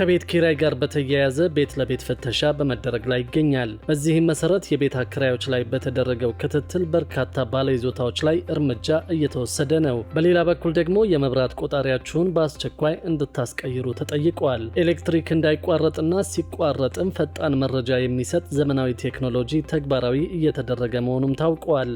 ከቤት ኪራይ ጋር በተያያዘ ቤት ለቤት ፍተሻ በመደረግ ላይ ይገኛል። በዚህም መሰረት የቤት አከራዮች ላይ በተደረገው ክትትል በርካታ ባለይዞታዎች ላይ እርምጃ እየተወሰደ ነው። በሌላ በኩል ደግሞ የመብራት ቆጣሪያችሁን በአስቸኳይ እንድታስቀይሩ ተጠይቋል። ኤሌክትሪክ እንዳይቋረጥና ሲቋረጥም ፈጣን መረጃ የሚሰጥ ዘመናዊ ቴክኖሎጂ ተግባራዊ እየተደረገ መሆኑም ታውቋል።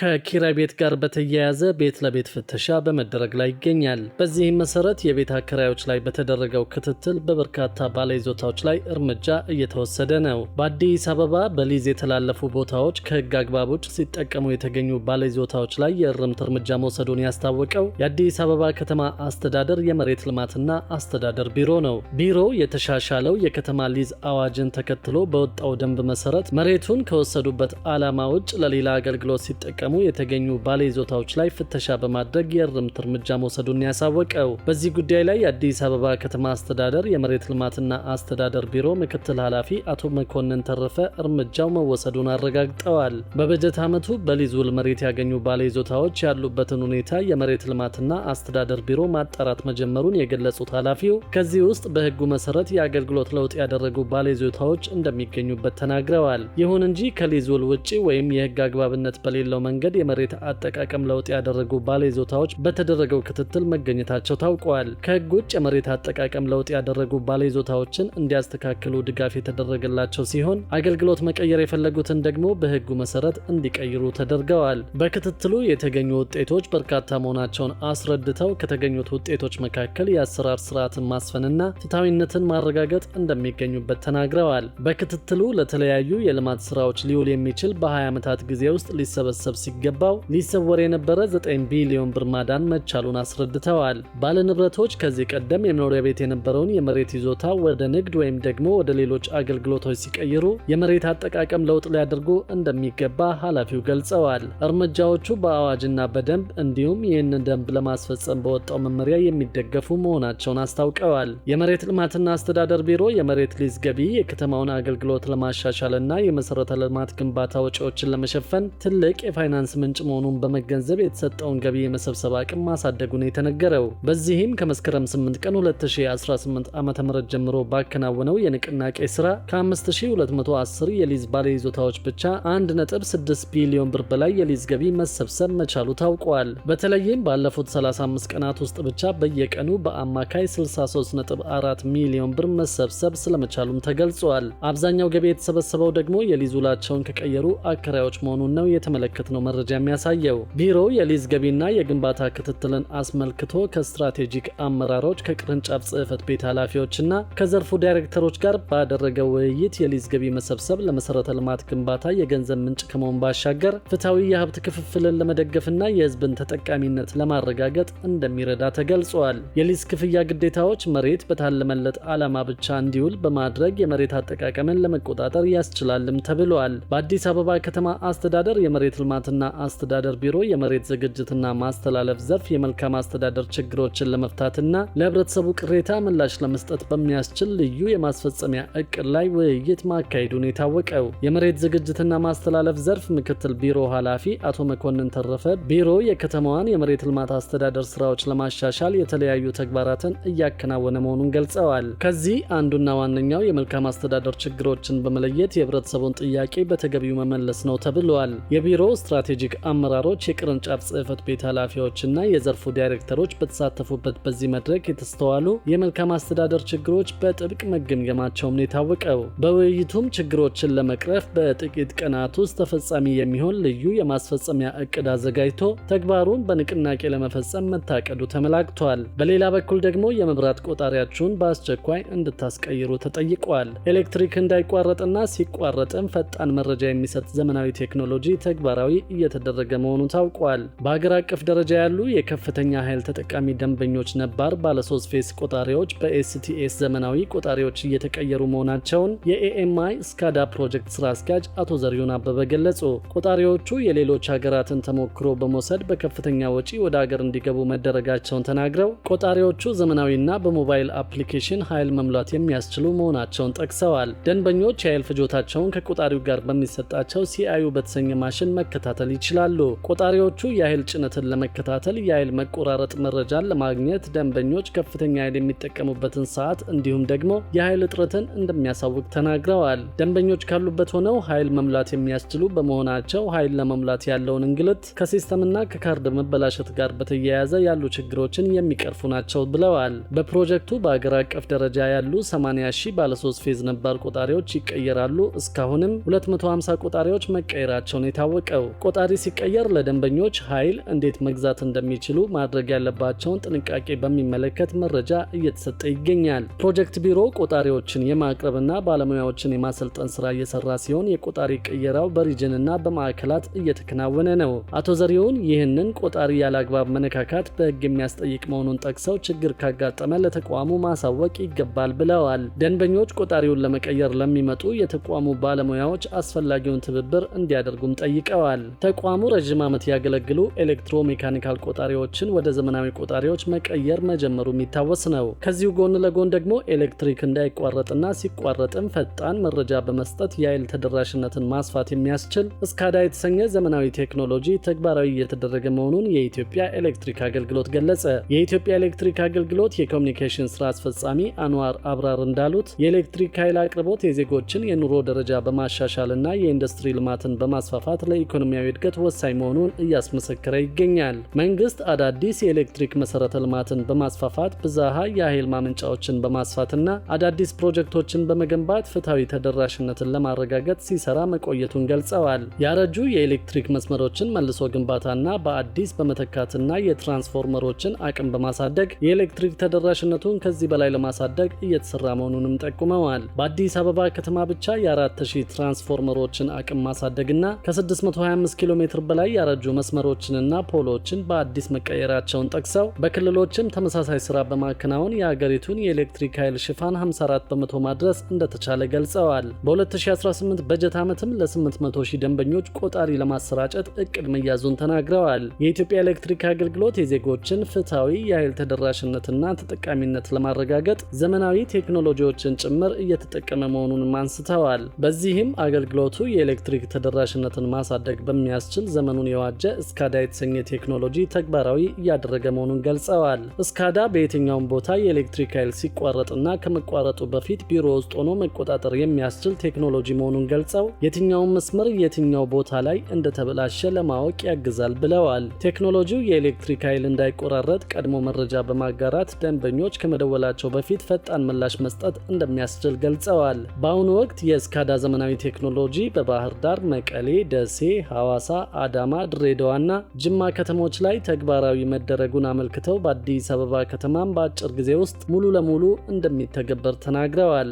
ከኪራይ ቤት ጋር በተያያዘ ቤት ለቤት ፍተሻ በመደረግ ላይ ይገኛል። በዚህም መሰረት የቤት አከራዮች ላይ በተደረገው ክትትል በበርካታ ባለይዞታዎች ላይ እርምጃ እየተወሰደ ነው። በአዲስ አበባ በሊዝ የተላለፉ ቦታዎች ከህግ አግባቦች ሲጠቀሙ የተገኙ ባለይዞታዎች ላይ የእርምት እርምጃ መውሰዱን ያስታወቀው የአዲስ አበባ ከተማ አስተዳደር የመሬት ልማትና አስተዳደር ቢሮ ነው። ቢሮው የተሻሻለው የከተማ ሊዝ አዋጅን ተከትሎ በወጣው ደንብ መሰረት መሬቱን ከወሰዱበት ዓላማ ውጭ ለሌላ አገልግሎት ሲጠቀሙ ሲጠቀሙ የተገኙ ባሌ ይዞታዎች ላይ ፍተሻ በማድረግ የእርምት እርምጃ መውሰዱን ያሳወቀው። በዚህ ጉዳይ ላይ የአዲስ አበባ ከተማ አስተዳደር የመሬት ልማትና አስተዳደር ቢሮ ምክትል ኃላፊ አቶ መኮንን ተረፈ እርምጃው መወሰዱን አረጋግጠዋል። በበጀት ዓመቱ በሊዝ ውል መሬት ያገኙ ባለይዞታዎች ያሉበትን ሁኔታ የመሬት ልማትና አስተዳደር ቢሮ ማጣራት መጀመሩን የገለጹት ኃላፊው ከዚህ ውስጥ በሕጉ መሰረት የአገልግሎት ለውጥ ያደረጉ ባለይዞታዎች እንደሚገኙበት ተናግረዋል። ይሁን እንጂ ከሊዝ ውል ውጪ ወይም የሕግ አግባብነት በሌለው መንገድ መንገድ የመሬት አጠቃቀም ለውጥ ያደረጉ ባለይዞታዎች በተደረገው ክትትል መገኘታቸው ታውቋል። ከህግ ውጭ የመሬት አጠቃቀም ለውጥ ያደረጉ ባለይዞታዎችን እንዲያስተካክሉ ድጋፍ የተደረገላቸው ሲሆን አገልግሎት መቀየር የፈለጉትን ደግሞ በህጉ መሰረት እንዲቀይሩ ተደርገዋል። በክትትሉ የተገኙ ውጤቶች በርካታ መሆናቸውን አስረድተው ከተገኙት ውጤቶች መካከል የአሰራር ስርዓትን ማስፈንና ፍትሐዊነትን ማረጋገጥ እንደሚገኙበት ተናግረዋል። በክትትሉ ለተለያዩ የልማት ስራዎች ሊውል የሚችል በ20 ዓመታት ጊዜ ውስጥ ሊሰበሰብ ሲ ሲገባው ሊሰወር የነበረ 9 ቢሊዮን ብር ማዳን መቻሉን አስረድተዋል። ባለንብረቶች ከዚህ ቀደም የመኖሪያ ቤት የነበረውን የመሬት ይዞታ ወደ ንግድ ወይም ደግሞ ወደ ሌሎች አገልግሎቶች ሲቀይሩ የመሬት አጠቃቀም ለውጥ ሊያደርጉ እንደሚገባ ኃላፊው ገልጸዋል። እርምጃዎቹ በአዋጅና በደንብ እንዲሁም ይህንን ደንብ ለማስፈጸም በወጣው መመሪያ የሚደገፉ መሆናቸውን አስታውቀዋል። የመሬት ልማትና አስተዳደር ቢሮ የመሬት ሊዝ ገቢ የከተማውን አገልግሎት ለማሻሻልና የመሠረተ ልማት ግንባታ ወጪዎችን ለመሸፈን ትልቅ የፋይናንስ የፋይናንስ ምንጭ መሆኑን በመገንዘብ የተሰጠውን ገቢ የመሰብሰብ አቅም ማሳደጉን የተነገረው። በዚህም ከመስከረም 8 ቀን 2018 ዓ ም ጀምሮ ባከናወነው የንቅናቄ ስራ ከ5210 የሊዝ ባለይዞታዎች ብቻ 1.6 ቢሊዮን ብር በላይ የሊዝ ገቢ መሰብሰብ መቻሉ ታውቋል። በተለይም ባለፉት 35 ቀናት ውስጥ ብቻ በየቀኑ በአማካይ 634 ሚሊዮን ብር መሰብሰብ ስለመቻሉም ተገልጿል። አብዛኛው ገቢ የተሰበሰበው ደግሞ የሊዝ ውላቸውን ከቀየሩ አከራዮች መሆኑን ነው የተመለከትነው መረጃ የሚያሳየው ቢሮው የሊዝ ገቢና የግንባታ ክትትልን አስመልክቶ ከስትራቴጂክ አመራሮች፣ ከቅርንጫፍ ጽህፈት ቤት ኃላፊዎችና ከዘርፉ ዳይሬክተሮች ጋር ባደረገው ውይይት የሊዝ ገቢ መሰብሰብ ለመሰረተ ልማት ግንባታ የገንዘብ ምንጭ ከመሆን ባሻገር ፍትሐዊ የሀብት ክፍፍልን ለመደገፍና የህዝብን ተጠቃሚነት ለማረጋገጥ እንደሚረዳ ተገልጿል። የሊዝ ክፍያ ግዴታዎች መሬት በታለመለት ዓላማ ብቻ እንዲውል በማድረግ የመሬት አጠቃቀምን ለመቆጣጠር ያስችላልም ተብሏል። በአዲስ አበባ ከተማ አስተዳደር የመሬት ልማትና ና አስተዳደር ቢሮ የመሬት ዝግጅትና ማስተላለፍ ዘርፍ የመልካም አስተዳደር ችግሮችን ለመፍታትና ለህብረተሰቡ ቅሬታ ምላሽ ለመስጠት በሚያስችል ልዩ የማስፈጸሚያ እቅድ ላይ ውይይት ማካሄዱን የታወቀው የመሬት ዝግጅትና ማስተላለፍ ዘርፍ ምክትል ቢሮ ኃላፊ አቶ መኮንን ተረፈ ቢሮ የከተማዋን የመሬት ልማት አስተዳደር ስራዎች ለማሻሻል የተለያዩ ተግባራትን እያከናወነ መሆኑን ገልጸዋል። ከዚህ አንዱና ዋነኛው የመልካም አስተዳደር ችግሮችን በመለየት የህብረተሰቡን ጥያቄ በተገቢው መመለስ ነው ተብለዋል። የቢሮው ስትራ ስትራቴጂክ አመራሮች፣ የቅርንጫፍ ጽህፈት ቤት ኃላፊዎችና የዘርፉ ዳይሬክተሮች በተሳተፉበት በዚህ መድረክ የተስተዋሉ የመልካም አስተዳደር ችግሮች በጥብቅ መገምገማቸውም ነው የታወቀው። በውይይቱም ችግሮችን ለመቅረፍ በጥቂት ቀናት ውስጥ ተፈጻሚ የሚሆን ልዩ የማስፈጸሚያ እቅድ አዘጋጅቶ ተግባሩን በንቅናቄ ለመፈጸም መታቀዱ ተመላክቷል። በሌላ በኩል ደግሞ የመብራት ቆጣሪያችሁን በአስቸኳይ እንድታስቀይሩ ተጠይቋል። ኤሌክትሪክ እንዳይቋረጥና ሲቋረጥም ፈጣን መረጃ የሚሰጥ ዘመናዊ ቴክኖሎጂ ተግባራዊ እየተደረገ መሆኑ ታውቋል። በሀገር አቀፍ ደረጃ ያሉ የከፍተኛ ኃይል ተጠቃሚ ደንበኞች ነባር ባለሶስት ፌስ ቆጣሪዎች በኤስቲኤስ ዘመናዊ ቆጣሪዎች እየተቀየሩ መሆናቸውን የኤኤምአይ ስካዳ ፕሮጀክት ስራ አስኪያጅ አቶ ዘሪሁን አበበ ገለጹ። ቆጣሪዎቹ የሌሎች ሀገራትን ተሞክሮ በመውሰድ በከፍተኛ ወጪ ወደ አገር እንዲገቡ መደረጋቸውን ተናግረው ቆጣሪዎቹ ዘመናዊና በሞባይል አፕሊኬሽን ኃይል መሙላት የሚያስችሉ መሆናቸውን ጠቅሰዋል። ደንበኞች የኃይል ፍጆታቸውን ከቆጣሪው ጋር በሚሰጣቸው ሲአዩ በተሰኘ ማሽን መከታተል መከታተል ይችላሉ። ቆጣሪዎቹ የኃይል ጭነትን ለመከታተል፣ የኃይል መቆራረጥ መረጃን ለማግኘት፣ ደንበኞች ከፍተኛ ኃይል የሚጠቀሙበትን ሰዓት እንዲሁም ደግሞ የኃይል እጥረትን እንደሚያሳውቅ ተናግረዋል። ደንበኞች ካሉበት ሆነው ኃይል መሙላት የሚያስችሉ በመሆናቸው ኃይል ለመሙላት ያለውን እንግልት ከሲስተምና ከካርድ መበላሸት ጋር በተያያዘ ያሉ ችግሮችን የሚቀርፉ ናቸው ብለዋል። በፕሮጀክቱ በአገር አቀፍ ደረጃ ያሉ 80 ሺህ ባለሶስት ፌዝ ነባር ቆጣሪዎች ይቀየራሉ። እስካሁንም 250 ቆጣሪዎች መቀየራቸውን የታወቀው ቆጣሪ ሲቀየር ለደንበኞች ኃይል እንዴት መግዛት እንደሚችሉ ማድረግ ያለባቸውን ጥንቃቄ በሚመለከት መረጃ እየተሰጠ ይገኛል። ፕሮጀክት ቢሮ ቆጣሪዎችን የማቅረብና ባለሙያዎችን የማሰልጠን ስራ እየሰራ ሲሆን የቆጣሪ ቅየራው በሪጅንና በማዕከላት እየተከናወነ ነው። አቶ ዘሪሁን ይህንን ቆጣሪ ያለአግባብ መነካካት በህግ የሚያስጠይቅ መሆኑን ጠቅሰው ችግር ካጋጠመ ለተቋሙ ማሳወቅ ይገባል ብለዋል። ደንበኞች ቆጣሪውን ለመቀየር ለሚመጡ የተቋሙ ባለሙያዎች አስፈላጊውን ትብብር እንዲያደርጉም ጠይቀዋል። ተቋሙ ረዥም ዓመት ያገለግሉ ኤሌክትሮ ሜካኒካል ቆጣሪዎችን ወደ ዘመናዊ ቆጣሪዎች መቀየር መጀመሩ የሚታወስ ነው። ከዚሁ ጎን ለጎን ደግሞ ኤሌክትሪክ እንዳይቋረጥና ሲቋረጥም ፈጣን መረጃ በመስጠት የኃይል ተደራሽነትን ማስፋት የሚያስችል እስካዳ የተሰኘ ዘመናዊ ቴክኖሎጂ ተግባራዊ እየተደረገ መሆኑን የኢትዮጵያ ኤሌክትሪክ አገልግሎት ገለጸ። የኢትዮጵያ ኤሌክትሪክ አገልግሎት የኮሚኒኬሽን ስራ አስፈጻሚ አንዋር አብራር እንዳሉት የኤሌክትሪክ ኃይል አቅርቦት የዜጎችን የኑሮ ደረጃ በማሻሻልና የኢንዱስትሪ ልማትን በማስፋፋት ለኢኮኖሚያዊ እድገት ወሳኝ መሆኑን እያስመሰከረ ይገኛል። መንግስት አዳዲስ የኤሌክትሪክ መሰረተ ልማትን በማስፋፋት ብዝሃ የኃይል ማመንጫዎችን በማስፋትና አዳዲስ ፕሮጀክቶችን በመገንባት ፍትሐዊ ተደራሽነትን ለማረጋገጥ ሲሰራ መቆየቱን ገልጸዋል። ያረጁ የኤሌክትሪክ መስመሮችን መልሶ ግንባታና በአዲስ በመተካትና የትራንስፎርመሮችን አቅም በማሳደግ የኤሌክትሪክ ተደራሽነቱን ከዚህ በላይ ለማሳደግ እየተሰራ መሆኑንም ጠቁመዋል። በአዲስ አበባ ከተማ ብቻ የ4000 ትራንስፎርመሮችን አቅም ማሳደግና ከ625 ኪሎ ሜትር በላይ ያረጁ መስመሮችንና ፖሎችን በአዲስ መቀየራቸውን ጠቅሰው በክልሎችም ተመሳሳይ ስራ በማከናወን የአገሪቱን የኤሌክትሪክ ኃይል ሽፋን 54 በመቶ ማድረስ እንደተቻለ ገልጸዋል። በ2018 በጀት ዓመትም ለ800 ሺህ ደንበኞች ቆጣሪ ለማሰራጨት እቅድ መያዙን ተናግረዋል። የኢትዮጵያ ኤሌክትሪክ አገልግሎት የዜጎችን ፍትሐዊ የኃይል ተደራሽነትና ተጠቃሚነት ለማረጋገጥ ዘመናዊ ቴክኖሎጂዎችን ጭምር እየተጠቀመ መሆኑንም አንስተዋል። በዚህም አገልግሎቱ የኤሌክትሪክ ተደራሽነትን ማሳደግ በሚ የሚያስችል ዘመኑን የዋጀ እስካዳ የተሰኘ ቴክኖሎጂ ተግባራዊ እያደረገ መሆኑን ገልጸዋል። እስካዳ በየትኛውም ቦታ የኤሌክትሪክ ኃይል ሲቋረጥና ከመቋረጡ በፊት ቢሮ ውስጥ ሆኖ መቆጣጠር የሚያስችል ቴክኖሎጂ መሆኑን ገልጸው የትኛውን መስመር የትኛው ቦታ ላይ እንደተበላሸ ለማወቅ ያግዛል ብለዋል። ቴክኖሎጂው የኤሌክትሪክ ኃይል እንዳይቆራረጥ ቀድሞ መረጃ በማጋራት ደንበኞች ከመደወላቸው በፊት ፈጣን ምላሽ መስጠት እንደሚያስችል ገልጸዋል። በአሁኑ ወቅት የእስካዳ ዘመናዊ ቴክኖሎጂ በባህር ዳር፣ መቀሌ፣ ደሴ፣ ሐዋሳ ሐዋሳ፣ አዳማ፣ ድሬዳዋና ጅማ ከተሞች ላይ ተግባራዊ መደረጉን አመልክተው በአዲስ አበባ ከተማም በአጭር ጊዜ ውስጥ ሙሉ ለሙሉ እንደሚተገበር ተናግረዋል።